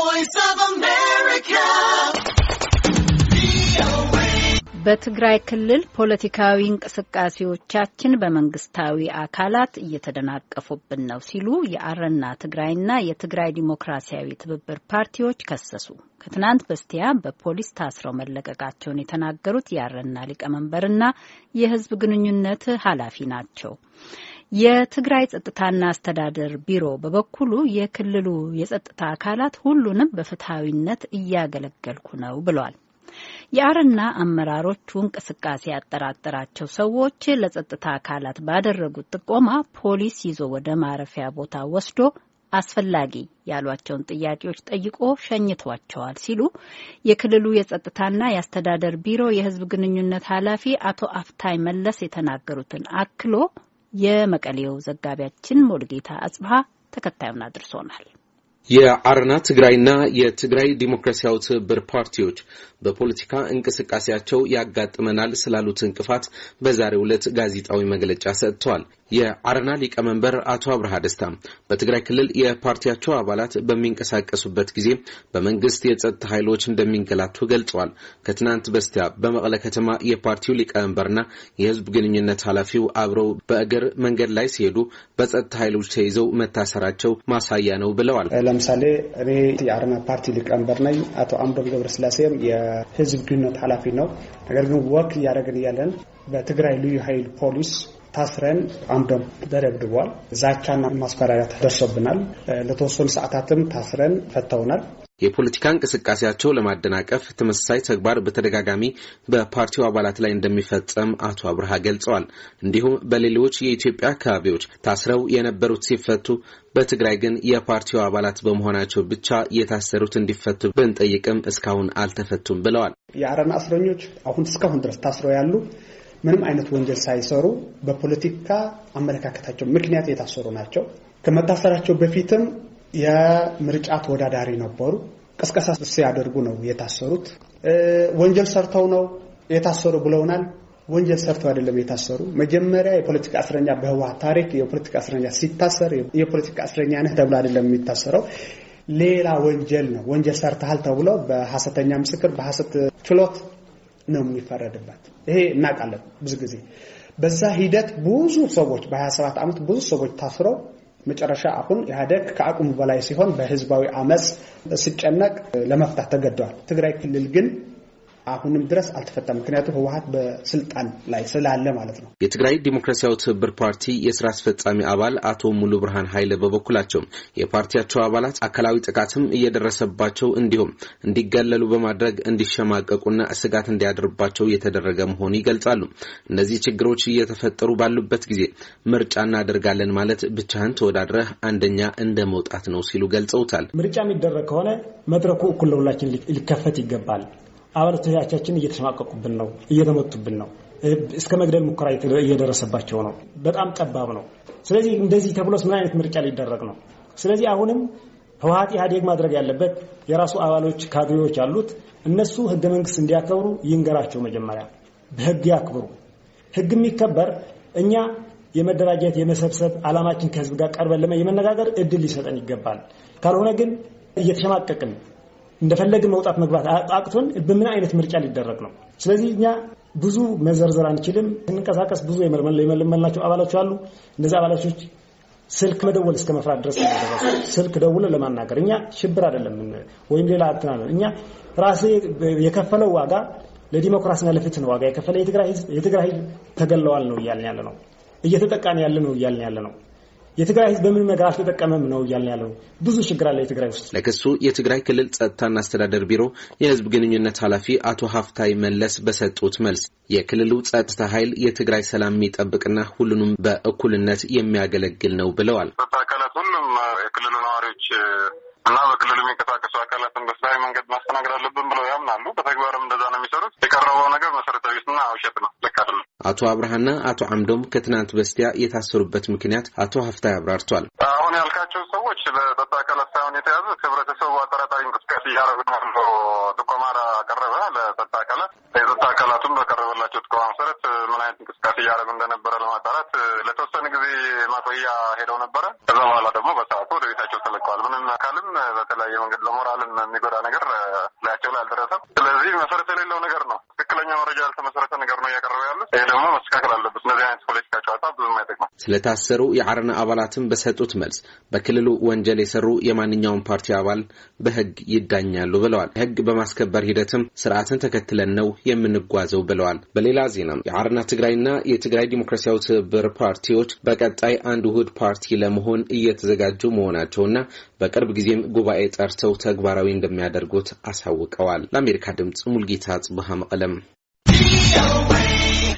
voice of America. በትግራይ ክልል ፖለቲካዊ እንቅስቃሴዎቻችን በመንግስታዊ አካላት እየተደናቀፉብን ነው ሲሉ የአረና ትግራይና የትግራይ ዲሞክራሲያዊ ትብብር ፓርቲዎች ከሰሱ። ከትናንት በስቲያ በፖሊስ ታስረው መለቀቃቸውን የተናገሩት የአረና ሊቀመንበርና የህዝብ ግንኙነት ኃላፊ ናቸው። የትግራይ ጸጥታና አስተዳደር ቢሮ በበኩሉ የክልሉ የጸጥታ አካላት ሁሉንም በፍትሐዊነት እያገለገልኩ ነው ብሏል። የአረና አመራሮቹ እንቅስቃሴ ያጠራጠራቸው ሰዎች ለጸጥታ አካላት ባደረጉት ጥቆማ ፖሊስ ይዞ ወደ ማረፊያ ቦታ ወስዶ አስፈላጊ ያሏቸውን ጥያቄዎች ጠይቆ ሸኝቷቸዋል ሲሉ የክልሉ የጸጥታና የአስተዳደር ቢሮ የሕዝብ ግንኙነት ኃላፊ አቶ አፍታይ መለስ የተናገሩትን አክሎ የመቀሌው ዘጋቢያችን ሞልጌታ አጽብሃ ተከታዩን አድርሶናል። የአረና ትግራይና የትግራይ ዲሞክራሲያዊ ትብብር ፓርቲዎች በፖለቲካ እንቅስቃሴያቸው ያጋጥመናል ስላሉት እንቅፋት በዛሬው ዕለት ጋዜጣዊ መግለጫ ሰጥተዋል። የአረና ሊቀመንበር አቶ አብርሃ ደስታ በትግራይ ክልል የፓርቲያቸው አባላት በሚንቀሳቀሱበት ጊዜ በመንግስት የጸጥታ ኃይሎች እንደሚንገላቱ ገልጸዋል። ከትናንት በስቲያ በመቀለ ከተማ የፓርቲው ሊቀመንበርና የህዝብ ግንኙነት ኃላፊው አብረው በእግር መንገድ ላይ ሲሄዱ በጸጥታ ኃይሎች ተይዘው መታሰራቸው ማሳያ ነው ብለዋል። ለምሳሌ እኔ የአረና ፓርቲ ሊቀመንበር ነኝ። አቶ አምዶም ገብረስላሴም የህዝብ ግንኙነት ኃላፊ ነው። ነገር ግን ወክ እያደረግን እያለን በትግራይ ልዩ ኃይል ፖሊስ ታስረን አምዶም ተደብድቧል። ዛቻና ማስፈራሪያ ደርሶብናል። ለተወሰኑ ሰዓታትም ታስረን ፈተውናል። የፖለቲካ እንቅስቃሴያቸው ለማደናቀፍ ተመሳሳይ ተግባር በተደጋጋሚ በፓርቲው አባላት ላይ እንደሚፈጸም አቶ አብርሃ ገልጸዋል። እንዲሁም በሌሎች የኢትዮጵያ አካባቢዎች ታስረው የነበሩት ሲፈቱ በትግራይ ግን የፓርቲው አባላት በመሆናቸው ብቻ የታሰሩት እንዲፈቱ ብንጠይቅም እስካሁን አልተፈቱም ብለዋል። የአረና እስረኞች አሁን እስካሁን ድረስ ታስረው ያሉ ምንም አይነት ወንጀል ሳይሰሩ በፖለቲካ አመለካከታቸው ምክንያት የታሰሩ ናቸው። ከመታሰራቸው በፊትም የምርጫ ተወዳዳሪ ነበሩ። ቀስቀሳ ሲያደርጉ ነው የታሰሩት። ወንጀል ሰርተው ነው የታሰሩ ብለውናል። ወንጀል ሰርተው አይደለም የታሰሩ። መጀመሪያ የፖለቲካ እስረኛ በህወሓት ታሪክ የፖለቲካ እስረኛ ሲታሰር የፖለቲካ እስረኛ ነህ ተብሎ አይደለም የሚታሰረው ሌላ ወንጀል ነው። ወንጀል ሰርተሃል ተብሎ በሐሰተኛ ምስክር በሐሰት ችሎት ነው የሚፈረድበት። ይሄ እናውቃለን ብዙ ጊዜ በዛ ሂደት ብዙ ሰዎች በ27 ዓመት ብዙ ሰዎች ታስረው መጨረሻ አሁን ኢህአዴግ ከአቅሙ በላይ ሲሆን በህዝባዊ አመፅ ሲጨነቅ ለመፍታት ተገደዋል። ትግራይ ክልል ግን አሁንም ድረስ አልተፈታም። ምክንያቱም ህወሀት በስልጣን ላይ ስላለ ማለት ነው። የትግራይ ዲሞክራሲያዊ ትብብር ፓርቲ የስራ አስፈጻሚ አባል አቶ ሙሉ ብርሃን ኃይለ በበኩላቸው የፓርቲያቸው አባላት አካላዊ ጥቃትም እየደረሰባቸው እንዲሁም እንዲገለሉ በማድረግ እንዲሸማቀቁና ስጋት እንዲያድርባቸው የተደረገ መሆኑ ይገልጻሉ። እነዚህ ችግሮች እየተፈጠሩ ባሉበት ጊዜ ምርጫ እናደርጋለን ማለት ብቻህን ተወዳድረህ አንደኛ እንደ መውጣት ነው ሲሉ ገልጸውታል። ምርጫ የሚደረግ ከሆነ መድረኩ እኩል ለሁላችን ሊከፈት ይገባል። አባሎቻችን እየተሸማቀቁብን ነው፣ እየተመቱብን ነው፣ እስከ መግደል ሙከራ እየደረሰባቸው ነው። በጣም ጠባብ ነው። ስለዚህ እንደዚህ ተብሎስ ምን አይነት ምርጫ ሊደረግ ነው? ስለዚህ አሁንም ህወሀት ኢህአዴግ ማድረግ ያለበት የራሱ አባሎች ካድሬዎች አሉት። እነሱ ህገ መንግስት እንዲያከብሩ ይንገራቸው። መጀመሪያ በህግ ያክብሩ። ህግ የሚከበር እኛ የመደራጀት የመሰብሰብ አላማችን ከህዝብ ጋር ቀርበን የመነጋገር እድል ሊሰጠን ይገባል። ካልሆነ ግን እየተሸማቀቅን እንደፈለግን መውጣት መግባት አቅቶን በምን አይነት ምርጫ ሊደረግ ነው? ስለዚህ እኛ ብዙ መዘርዘር አንችልም። ስንንቀሳቀስ ብዙ የመለመልናቸው አባላች አሉ። እነዚህ አባላቾች ስልክ መደወል እስከ መፍራት ድረስ ደረሱ። ስልክ ደውለ ለማናገር እኛ ሽብር አይደለም ወይም ሌላ አትናለ እኛ ራሴ የከፈለው ዋጋ ለዲሞክራሲና ለፍትህ ዋጋ የከፈለ የትግራይ ህዝብ ተገለዋል ነው እያልን ያለ ነው። እየተጠቃን ያለ ነው እያልን ያለ ነው። የትግራይ ህዝብ በምን ነገር አልተጠቀመም ነው እያለ ያለው። ብዙ ችግር አለ የትግራይ ውስጥ። ለክሱ የትግራይ ክልል ጸጥታና አስተዳደር ቢሮ የህዝብ ግንኙነት ኃላፊ አቶ ሀፍታይ መለስ በሰጡት መልስ የክልሉ ጸጥታ ኃይል የትግራይ ሰላም የሚጠብቅና ሁሉንም በእኩልነት የሚያገለግል ነው ብለዋል። ጸጥታ አካላት ሁሉም የክልሉ ነዋሪዎች እና በክልሉ የሚንቀሳቀሱ አካላትን በሰላማዊ መንገድ ማስተናገድ አለብን ብለው ያምናሉ። በተግባርም እንደዛ ነው የሚሰሩት። የቀረበው ነገር መሰረታዊ ቢስና ውሸት ነው። አቶ አብርሃና አቶ አምዶም ከትናንት በስቲያ የታሰሩበት ምክንያት አቶ ሀፍታይ አብራርቷል። አሁን ያልካቸው ሰዎች በጸጥታ አካላት ሳይሆን የተያዙ ህብረተሰቡ አጠራጣሪ እንቅስቃሴ እያደረጉ ነው። ጥቆማ ቀረበ ለጸጥታ አካላት። የጸጥታ አካላቱም በቀረበላቸው ጥቆማ መሰረት ምን አይነት እንቅስቃሴ እያደረጉ እንደነበረ ለማጣራት ለተወሰነ ጊዜ ማቆያ ሄደው ነበረ። ከዛ በኋላ ደግሞ በሰዓቱ ወደ ቤታቸው ተለቀዋል። ምንም አካልም በተለያየ መንገድ ለሞራልም የሚጎዳ ነገር እያቀረቡ ያሉት። ይህ ደግሞ መስተካከል አለበት። እነዚህ አይነት ፖለቲካ ጨዋታ ብዙ አይጠቅም። ስለታሰሩ የአረና አባላትን በሰጡት መልስ በክልሉ ወንጀል የሰሩ የማንኛውም ፓርቲ አባል በህግ ይዳኛሉ ብለዋል። ህግ በማስከበር ሂደትም ስርዓትን ተከትለን ነው የምንጓዘው ብለዋል። በሌላ ዜናም የአረና ትግራይና የትግራይ ዲሞክራሲያዊ ትብብር ፓርቲዎች በቀጣይ አንድ ውህድ ፓርቲ ለመሆን እየተዘጋጁ መሆናቸውና በቅርብ ጊዜም ጉባኤ ጠርተው ተግባራዊ እንደሚያደርጉት አሳውቀዋል። ለአሜሪካ ድምፅ ሙልጌታ ጽቡሃ መቀለም away.